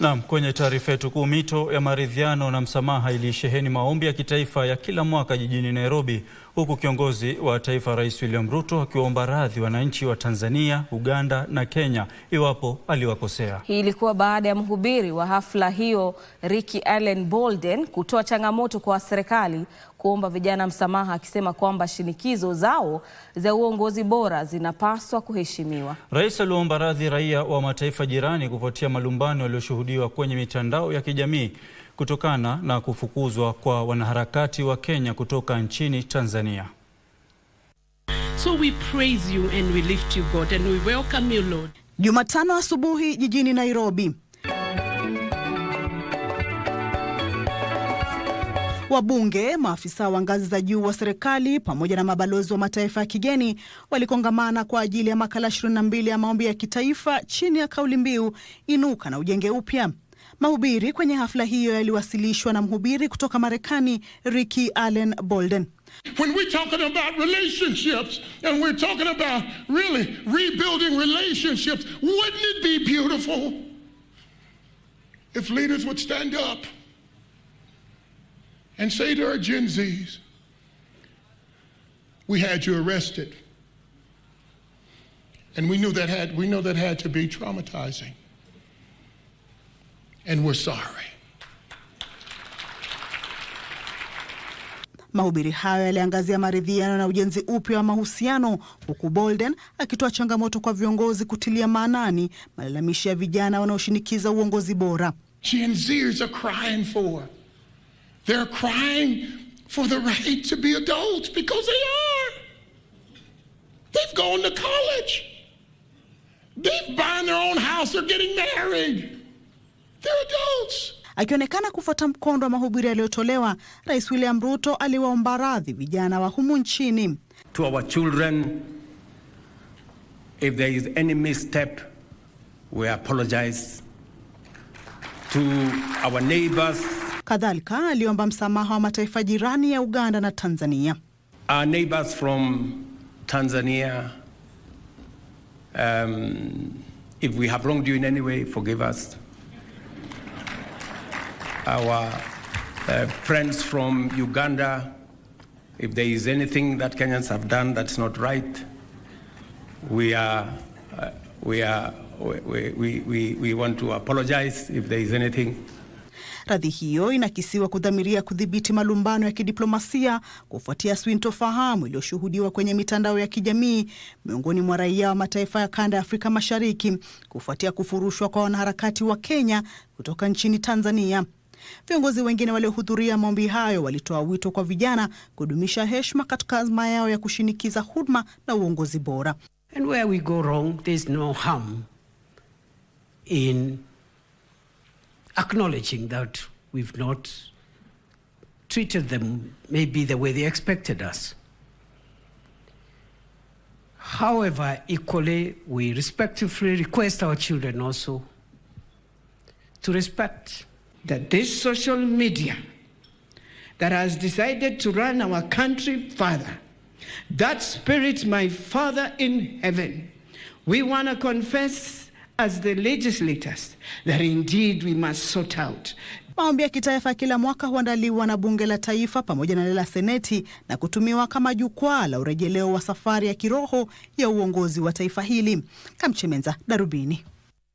Naam, kwenye taarifa yetu kuu, mito ya maridhiano na msamaha ilisheheni maombi ya kitaifa ya kila mwaka jijini Nairobi huku kiongozi wa taifa Rais William Ruto akiwaomba radhi wananchi wa Tanzania, Uganda na Kenya iwapo aliwakosea. Hii ilikuwa baada ya mhubiri wa hafla hiyo Ricky Allen Bolden kutoa changamoto kwa serikali kuomba vijana msamaha, akisema kwamba shinikizo zao za uongozi bora zinapaswa kuheshimiwa. Rais aliwaomba radhi raia wa mataifa jirani kufuatia malumbano yaliyoshuhudiwa kwenye mitandao ya kijamii kutokana na kufukuzwa kwa wanaharakati wa Kenya kutoka nchini Tanzania. So we praise you and we lift you God and we welcome you Lord. Jumatano asubuhi jijini Nairobi. Wabunge, maafisa wa ngazi za juu wa serikali pamoja na mabalozi wa mataifa ya kigeni walikongamana kwa ajili ya makala 22 ya maombi ya kitaifa chini ya kauli mbiu inuka na ujenge upya. Mahubiri kwenye hafla hiyo yaliwasilishwa na mhubiri kutoka Marekani Ricky Allen Bolden. When we're talking about relationships and we're talking about really rebuilding relationships, wouldn't it be beautiful if leaders would stand up and say to our Gen Zs, we had you arrested. And we knew that had, we know that had to be traumatizing. and we're sorry. Mahubiri hayo yaliangazia maridhiano na ujenzi upya wa mahusiano, huku Bolden akitoa changamoto kwa viongozi kutilia maanani malalamishi ya vijana wanaoshinikiza uongozi bora. Gen Zers are crying for. They're crying for the right to be adults because they are. They've gone to college. They've buying their own house, they're getting married. Akionekana kufuata mkondo wa mahubiri yaliyotolewa, Rais William Ruto aliwaomba radhi vijana wa humu nchini. To our children, if there is any misstep, we apologize. To our neighbors. Kadhalika aliomba msamaha wa mataifa jirani ya Uganda na Tanzania. Our neighbors from Tanzania, um, if we have wronged you in any way, forgive us our uh, friends from Uganda, if there is anything that Kenyans have done that's not right, we are, uh, we are, we, we, we, we want to apologize if there is anything. Radhi hiyo inakisiwa kudhamiria kudhibiti malumbano ya kidiplomasia kufuatia sintofahamu iliyoshuhudiwa kwenye mitandao ya kijamii miongoni mwa raia wa mataifa ya kanda ya Afrika Mashariki kufuatia kufurushwa kwa wanaharakati wa Kenya kutoka nchini Tanzania. Viongozi wengine waliohudhuria maombi hayo walitoa wito kwa vijana kudumisha heshima katika azma yao ya kushinikiza huduma na uongozi bora. And where we go wrong, there's no harm in acknowledging that we've not treated them maybe the way they expected us. However, equally, we respectfully request our children also to respect that this social media that has decided to run our country further, that spirit, my Father in heaven, we want to confess as the legislators that indeed we must sort out Maombi ya kitaifa kila mwaka huandaliwa na bunge la taifa pamoja na lela seneti na kutumiwa kama jukwaa la urejeleo wa safari ya kiroho ya uongozi wa taifa hili. Kamchemenza, Darubini.